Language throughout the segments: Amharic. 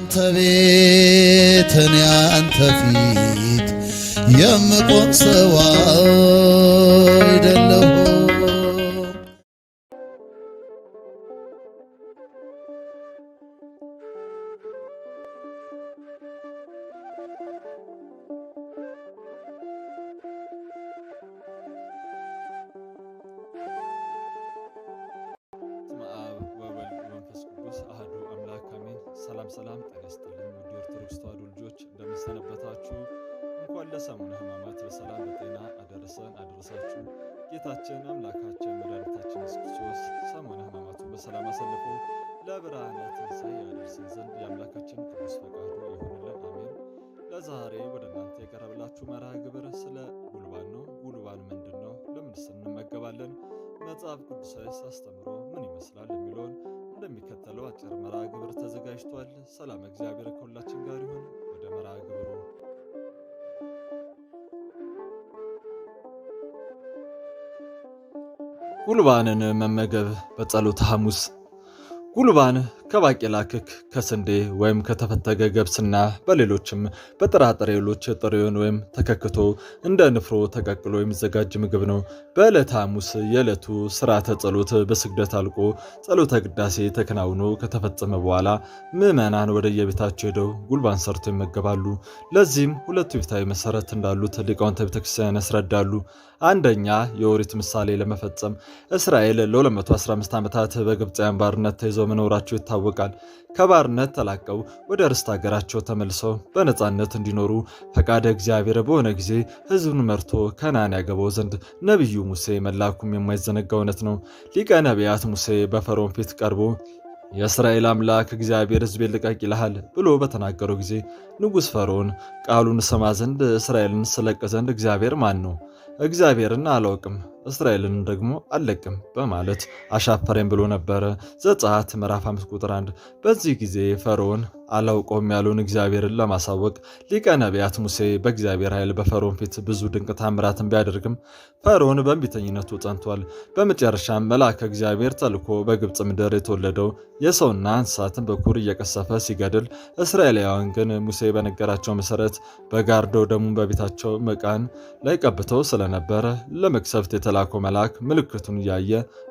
አንተ ቤት እኔ አንተ ፊት የምቆም ሰው አይደለም። ሰላም ጤና ይስጥልኝ ውድ የኦርቶዶክስ ተዋሕዶ ልጆች እንደምንሰነበታችሁ። እንኳን ለሰሙነ ሕማማት በሰላም በጤና አደረሰን አደረሳችሁ። ጌታችን አምላካችን መድኃኒታችን ኢየሱስ ክርስቶስ ሰሙነ ሕማማቱን በሰላም አሳልፎ ለብርሃነ ትንሣኤ ያደርሰን ዘንድ የአምላካችን ቅዱስ ፈቃዱ ይሁንልን፣ አሜን። ለዛሬ ወደ እናንተ የቀረብላችሁ መርሃ ግብር ስለ ጉልባን ነው። ጉልባን ምንድን ነው? ለምንስ እንመገባለን? መጽሐፍ ቅዱሳዊ አስተምሮ ለሚከተለው አጭር መርሃ ግብር ተዘጋጅቷል። ሰላም እግዚአብሔር ከሁላችን ጋር ይሁን። ወደ መርሃ ግብሩ ጉልባንን መመገብ በጸሎተ ሐሙስ ጉልባን ከባቄላ ክክ ከስንዴ ወይም ከተፈተገ ገብስና በሌሎችም በጥራጥሬ ጥሬውን ወይም ተከክቶ እንደ ንፍሮ ተቀቅሎ የሚዘጋጅ ምግብ ነው። በዕለተ ሐሙስ የዕለቱ ስርዓተ ጸሎት በስግደት አልቆ ጸሎተ ቅዳሴ ተከናውኖ ከተፈጸመ በኋላ ምዕመናን ወደየቤታቸው ሄደው ጉልባን ሰርተው ይመገባሉ። ለዚህም ሁለቱ ቤታዊ መሰረት እንዳሉት ሊቃውንተ ቤተክርስቲያን ያስረዳሉ። አንደኛ የኦሪት ምሳሌ ለመፈጸም እስራኤል ለ215 ዓመታት በግብፃውያን ባርነት ተይዘው መኖራቸው ይታ። ይታወቃል። ከባርነት ተላቀው ወደ ርስት ሀገራቸው ተመልሰው በነፃነት እንዲኖሩ ፈቃደ እግዚአብሔር በሆነ ጊዜ ሕዝብን መርቶ ከነዓን ያገባው ዘንድ ነቢዩ ሙሴ መላኩም የማይዘነጋ እውነት ነው። ሊቀ ነቢያት ሙሴ በፈርዖን ፊት ቀርቦ የእስራኤል አምላክ እግዚአብሔር ሕዝቤን ልቀቅ ይልሃል ብሎ በተናገረው ጊዜ ንጉሥ ፈርዖን ቃሉን ሰማ ዘንድ እስራኤልን ስለቅ ዘንድ እግዚአብሔር ማን ነው? እግዚአብሔርን አላውቅም እስራኤልን ደግሞ አለቅም በማለት አሻፈረኝ ብሎ ነበረ። ዘጸአት ምዕራፍ 5 ቁጥር 1። በዚህ ጊዜ ፈርዖን አላውቀውም ያለውን እግዚአብሔርን ለማሳወቅ ሊቀ ነቢያት ሙሴ በእግዚአብሔር ኃይል በፈርዖን ፊት ብዙ ድንቅ ታምራትን ቢያደርግም ፈርዖን በእንቢተኝነቱ ጸንቷል። በመጨረሻም መልአከ እግዚአብሔር ተልኮ በግብፅ ምድር የተወለደው የሰውና እንስሳትን በኩር እየቀሰፈ ሲገድል፣ እስራኤላውያን ግን ሙሴ በነገራቸው መሰረት በጋርደው ደሙን በቤታቸው መቃን ላይ ቀብተው ስለነበረ ለመቅሰፍት የተላከው መልአክ ምልክቱን እያየ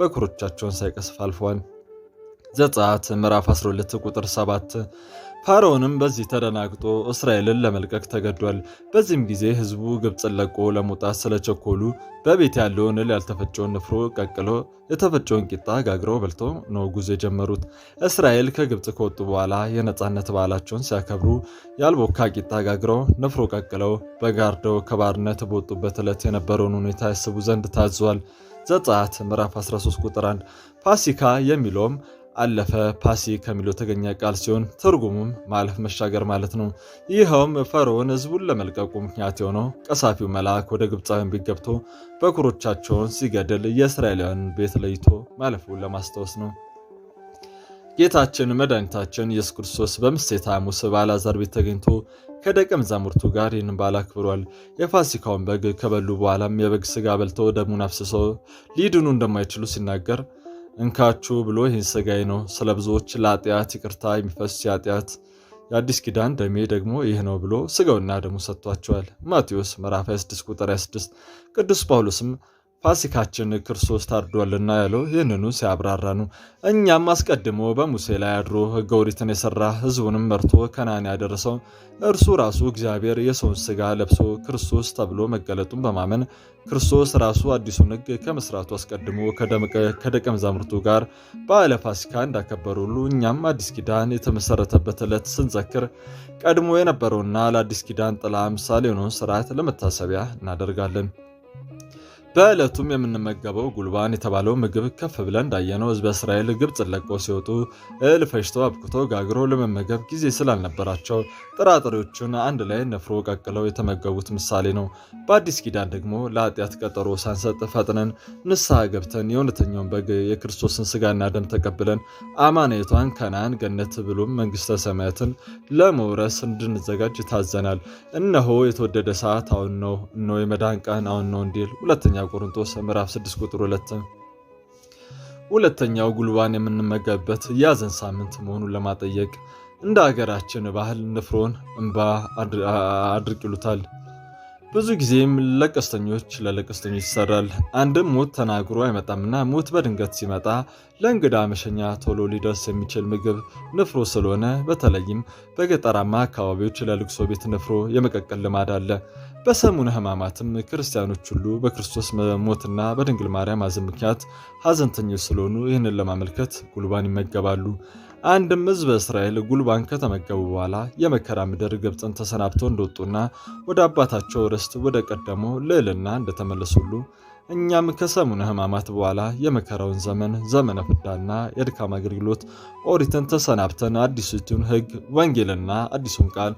በኩሮቻቸውን ሳይቀስፍ አልፏል። ዘጸአት ምዕራፍ 12 ቁጥር 7። ፋርዖንም በዚህ ተደናግጦ እስራኤልን ለመልቀቅ ተገዷል። በዚህም ጊዜ ሕዝቡ ግብፅን ለቆ ለመውጣት ስለቸኮሉ በቤት ያለውን እህል ያልተፈጨውን ንፍሮ ቀቅሎ የተፈጨውን ቂጣ ጋግረው በልቶ ነው ጉዞ የጀመሩት። እስራኤል ከግብፅ ከወጡ በኋላ የነፃነት በዓላቸውን ሲያከብሩ ያልቦካ ቂጣ ጋግረው ንፍሮ ቀቅለው በጋርደው ከባርነት በወጡበት ዕለት የነበረውን ሁኔታ ያስቡ ዘንድ ታዟል። ዘጸአት ምዕራፍ 13 ቁጥር 1 ፋሲካ የሚለውም አለፈ ፓሲ ከሚለው የተገኘ ቃል ሲሆን ትርጉሙም ማለፍ መሻገር ማለት ነው። ይኸውም ፈርዖን ህዝቡን ለመልቀቁ ምክንያት የሆነው ቀሳፊው መልአክ ወደ ግብፃውያን ቤት ገብቶ በኩሮቻቸውን ሲገድል የእስራኤላውያን ቤት ለይቶ ማለፉን ለማስታወስ ነው። ጌታችን መድኃኒታችን ኢየሱስ ክርስቶስ በምሴተ ሐሙስ በአልዓዛር ቤት ተገኝቶ ከደቀ መዛሙርቱ ጋር ይህን በዓል አክብሯል። የፋሲካውን በግ ከበሉ በኋላም የበግ ስጋ በልተው ደሙን አፍስሰው ሊድኑ እንደማይችሉ ሲናገር እንካችሁ ብሎ ይህን ሥጋዬ ነው። ስለ ብዙዎች ለኃጢአት ይቅርታ የሚፈስ የኃጢአት የአዲስ ኪዳን ደሜ ደግሞ ይህ ነው ብሎ ስጋውና ደሙ ሰጥቷቸዋል። ማቴዎስ ምዕራፍ 26 ቁጥር 26 ቅዱስ ጳውሎስም ፋሲካችን ክርስቶስ ታርዷልና ያለው ይህንኑ ሲያብራራ ነው። እኛም አስቀድሞ በሙሴ ላይ አድሮ ሕገ ኦሪትን የሠራ ሕዝቡንም መርቶ ከናን ያደረሰው እርሱ ራሱ እግዚአብሔር የሰውን ስጋ ለብሶ ክርስቶስ ተብሎ መገለጡን በማመን ክርስቶስ ራሱ አዲሱን ሕግ ከመስራቱ አስቀድሞ ከደቀ መዛሙርቱ ጋር በዓለ ፋሲካ እንዳከበሩ ሁሉ እኛም አዲስ ኪዳን የተመሰረተበት ዕለት ስንዘክር ቀድሞ የነበረውና ለአዲስ ኪዳን ጥላ ምሳሌ የሆነውን ስርዓት ለመታሰቢያ እናደርጋለን። በዕለቱም የምንመገበው ጉልባን የተባለው ምግብ ከፍ ብለን እንዳየነው ሕዝበ እስራኤል ግብፅ ለቀው ሲወጡ እህል ፈጭቶ አብክቶ ጋግሮ ለመመገብ ጊዜ ስላልነበራቸው ጥራጥሬዎቹን አንድ ላይ ነፍሮ ቀቅለው የተመገቡት ምሳሌ ነው። በአዲስ ኪዳን ደግሞ ለኃጢአት ቀጠሮ ሳንሰጥ ፈጥነን ንስሐ ገብተን የእውነተኛውን በግ የክርስቶስን ስጋና ደም ተቀብለን አማናዊቷን ከነዓን ገነት ብሎም መንግሥተ ሰማያትን ለመውረስ እንድንዘጋጅ ታዘናል። እነሆ የተወደደ ሰዓት አሁን ነው፣ እነሆ የመዳን ቀን አሁን ነው እንዲል ሁለተኛ ቆሮንቶስ ምዕራፍ 6 ቁጥር 2 ሁለተኛው ጉልባን የምንመገብበት የሐዘን ሳምንት መሆኑን ለማጠየቅ እንደ ሀገራችን ባህል ንፍሮን እንባ አድርቅ ይሉታል። ብዙ ጊዜም ለቀስተኞች ለለቀስተኞች ይሰራል። አንድም ሞት ተናግሮ አይመጣምና ሞት በድንገት ሲመጣ ለእንግዳ መሸኛ ቶሎ ሊደርስ የሚችል ምግብ ንፍሮ ስለሆነ በተለይም በገጠራማ አካባቢዎች ለልቅሶ ቤት ንፍሮ የመቀቀል ልማድ አለ። በሰሙነ ሕማማትም ክርስቲያኖች ሁሉ በክርስቶስ ሞትና በድንግል ማርያም ሐዘን ምክንያት ሐዘንተኞች ስለሆኑ ይህንን ለማመልከት ጉልባን ይመገባሉ። አንድም ሕዝብ በእስራኤል ጉልባን ከተመገቡ በኋላ የመከራ ምድር ግብፅን ተሰናብተው እንደወጡና ወደ አባታቸው ርስት ወደ ቀደሞ ልዕልና እንደተመለሱሉ እኛም ከሰሙነ ሕማማት በኋላ የመከራውን ዘመን ዘመነ ፍዳና የድካም አገልግሎት ኦሪትን ተሰናብተን አዲሲቱን ሕግ ወንጌልና አዲሱን ቃል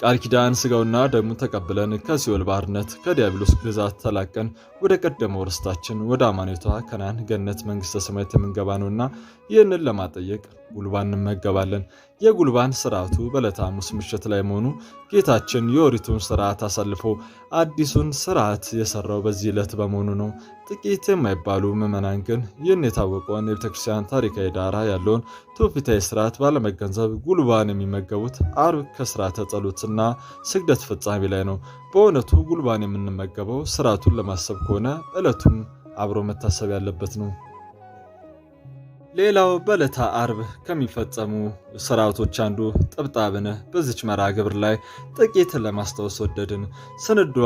ቃል ኪዳን ስጋውና ደሙ ተቀብለን ከሲኦል ባርነት ከዲያብሎስ ግዛት ተላቀን ወደ ቀደመው ርስታችን ወደ አማኔቷ ከናን ገነት መንግስተ ሰማያት የምንገባ ነውና ይህንን ለማጠየቅ ጉልባን እንመገባለን። የጉልባን ስርዓቱ በዕለተ ሐሙስ ምሽት ላይ መሆኑ ጌታችን የኦሪቱን ስርዓት አሳልፎ አዲሱን ስርዓት የሰራው በዚህ ዕለት በመሆኑ ነው። ጥቂት የማይባሉ ምዕመናን ግን ይህን የታወቀውን የቤተክርስቲያን ታሪካዊ ዳራ ያለውን ትውፊታዊ ስርዓት ባለመገንዘብ ጉልባን የሚመገቡት አርብ ከስርዓተ ጸሎትና ስግደት ፍጻሜ ላይ ነው። በእውነቱ ጉልባን የምንመገበው ስርዓቱን ለማሰብ ከሆነ ዕለቱም አብሮ መታሰብ ያለበት ነው። ሌላው በዕለተ አርብ ከሚፈጸሙ ስርዓቶች አንዱ ጥብጣብን በዚች መርሃ ግብር ላይ ጥቂት ለማስታወስ ወደድን። ስንዷ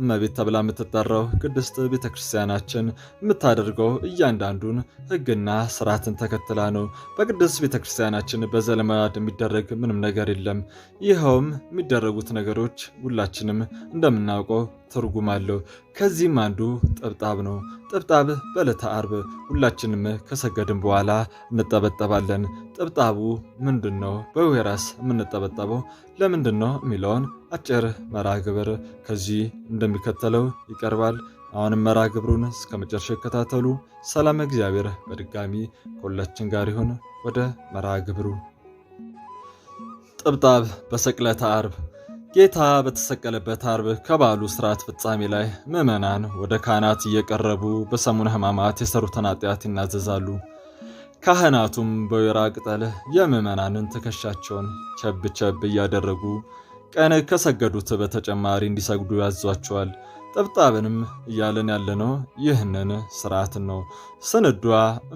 እመቤት ተብላ የምትጠራው ቅድስት ቤተ ክርስቲያናችን የምታደርገው እያንዳንዱን ሕግና ስርዓትን ተከትላ ነው። በቅድስት ቤተ ክርስቲያናችን የሚደረግ ምንም ነገር የለም። ይኸውም የሚደረጉት ነገሮች ሁላችንም እንደምናውቀው ትርጉም አለው። ከዚህም አንዱ ጥብጣብ ነው። ጥብጣብ በዕለተ ዓርብ ሁላችንም ከሰገድን በኋላ እንጠበጠባለን። ጥብጣቡ ምንድን ነው? በወይራስ የምንጠበጠበው ለምንድን ነው የሚለውን አጭር መርሃ ግብር ከዚህ እንደሚከተለው ይቀርባል። አሁንም መርሃ ግብሩን እስከ መጨረሻ ይከታተሉ። ሰላም እግዚአብሔር በድጋሚ ከሁላችን ጋር ይሁን። ወደ መርሃ ግብሩ ጥብጣብ በስቅለተ ዓርብ ጌታ በተሰቀለበት አርብ ከበዓሉ ስርዓት ፍጻሜ ላይ ምዕመናን ወደ ካህናት እየቀረቡ በሰሙነ ሕማማት የሰሩትን ኃጢአት ይናዘዛሉ። ካህናቱም በወይራ ቅጠል የምዕመናንን ትከሻቸውን ቸብ ቸብ እያደረጉ ቀን ከሰገዱት በተጨማሪ እንዲሰግዱ ያዟቸዋል። ጠብጣብንም እያለን ያለነው ይህንን ስርዓትን ነው። ስንዷ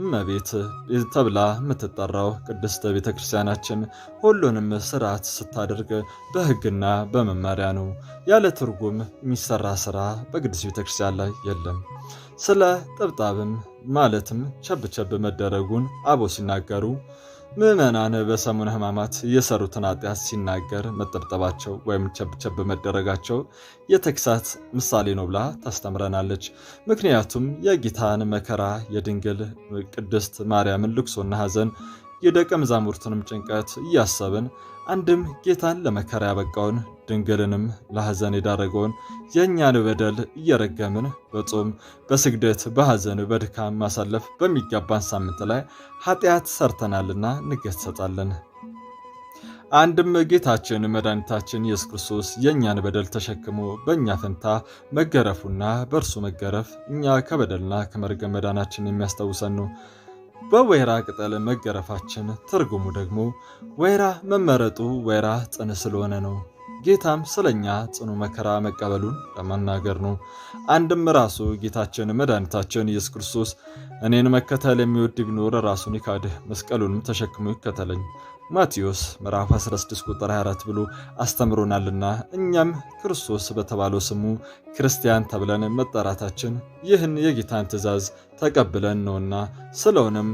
እመቤት ተብላ የምትጠራው ቅድስተ ቤተ ክርስቲያናችን ሁሉንም ስርዓት ስታደርግ በሕግና በመመሪያ ነው። ያለ ትርጉም የሚሰራ ስራ በቅድስት ቤተ ክርስቲያን ላይ የለም። ስለ ጠብጣብም ማለትም ቸብቸብ መደረጉን አቦ ሲናገሩ ምዕመናን በሰሙነ ሕማማት የሰሩትን ኃጢአት ሲናገር መጠብጠባቸው ወይም ቸብቸብ መደረጋቸው የተግሳጽ ምሳሌ ነው ብላ ታስተምረናለች። ምክንያቱም የጌታን መከራ የድንግል ቅድስት ማርያምን ልቅሶና ሐዘን የደቀ መዛሙርትንም ጭንቀት እያሰብን አንድም ጌታን ለመከራ ያበቃውን ድንግልንም ለሐዘን የዳረገውን የእኛን በደል እየረገምን በጾም በስግደት በሐዘን በድካም ማሳለፍ በሚገባን ሳምንት ላይ ኃጢአት ሰርተናልና ሰጣለን። አንድም ጌታችን መድኃኒታችን ኢየሱስ ክርስቶስ የእኛን በደል ተሸክሞ በእኛ ፈንታ መገረፉና በእርሱ መገረፍ እኛ ከበደልና ከመርገም መዳናችን የሚያስታውሰን ነው። በወይራ ቅጠል መገረፋችን ትርጉሙ ደግሞ ወይራ መመረጡ ወይራ ጽን ስለሆነ ነው። ጌታም ስለኛ ጽኑ መከራ መቀበሉን ለመናገር ነው። አንድም ራሱ ጌታችን መድኃኒታችን ኢየሱስ ክርስቶስ እኔን መከተል የሚወድ ቢኖር ራሱን ይካድህ መስቀሉንም ተሸክሞ ይከተለኝ ማቴዎስ ምዕራፍ 16 ቁጥር 24 ብሎ አስተምሮናልና እኛም ክርስቶስ በተባለው ስሙ ክርስቲያን ተብለን መጠራታችን ይህን የጌታን ትእዛዝ ተቀብለን ነውና ስለሆነም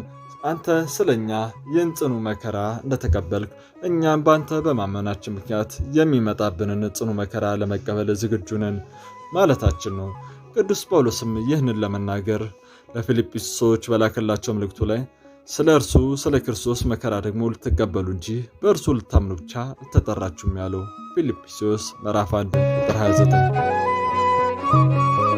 አንተ ስለኛ ይህን ጽኑ መከራ እንደተቀበልክ እኛም በአንተ በማመናችን ምክንያት የሚመጣብንን ጽኑ መከራ ለመቀበል ዝግጁ ነን ማለታችን ነው። ቅዱስ ጳውሎስም ይህንን ለመናገር ለፊልጵስዩስ በላከላቸው መልእክቱ ላይ ስለ እርሱ ስለ ክርስቶስ መከራ ደግሞ ልትቀበሉ እንጂ በእርሱ ልታምኑ ብቻ አልተጠራችሁም ያለው ፊልጵስዩስ ምዕራፍ 1 ቁጥር 29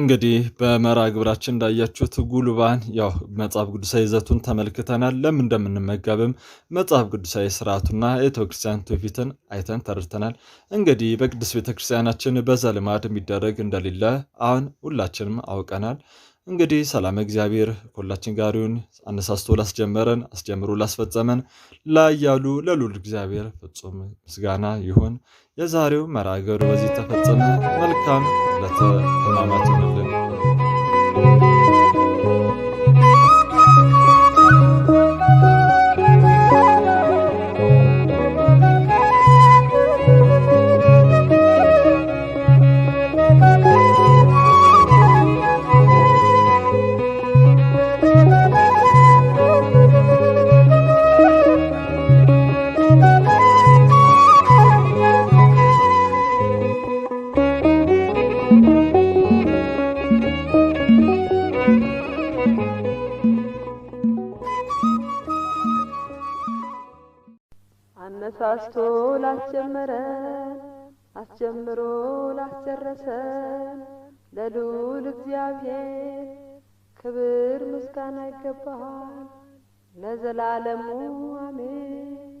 እንግዲህ በመራ ግብራችን እንዳያችሁት ጉልባን ያው መጽሐፍ ቅዱሳዊ ይዘቱን ተመልክተናል። ለምን እንደምንመገብም መጽሐፍ ቅዱሳዊ ስርዓቱና የቤተክርስቲያን ትውፊትን አይተን ተረድተናል። እንግዲህ በቅዱስ ቤተክርስቲያናችን በዘልማድ የሚደረግ እንደሌለ አሁን ሁላችንም አውቀናል። እንግዲህ ሰላም እግዚአብሔር ከሁላችን ጋር ይሁን። አነሳስቶ ላስጀመረን አስጀምሮ ላስፈጸመን ላያሉ ለልዑል እግዚአብሔር ፍጹም ምስጋና ይሁን። የዛሬው መርሐ ግብር በዚህ ተፈጸመ። መልካም ዕለተ ሕማማት ይሁንልን። ነሳስቶ ላስጀመረን አስጀምሮ ላስጨረሰን ለልዑል እግዚአብሔር ክብር ምስጋና ይገባል ለዘላለሙ አሜን።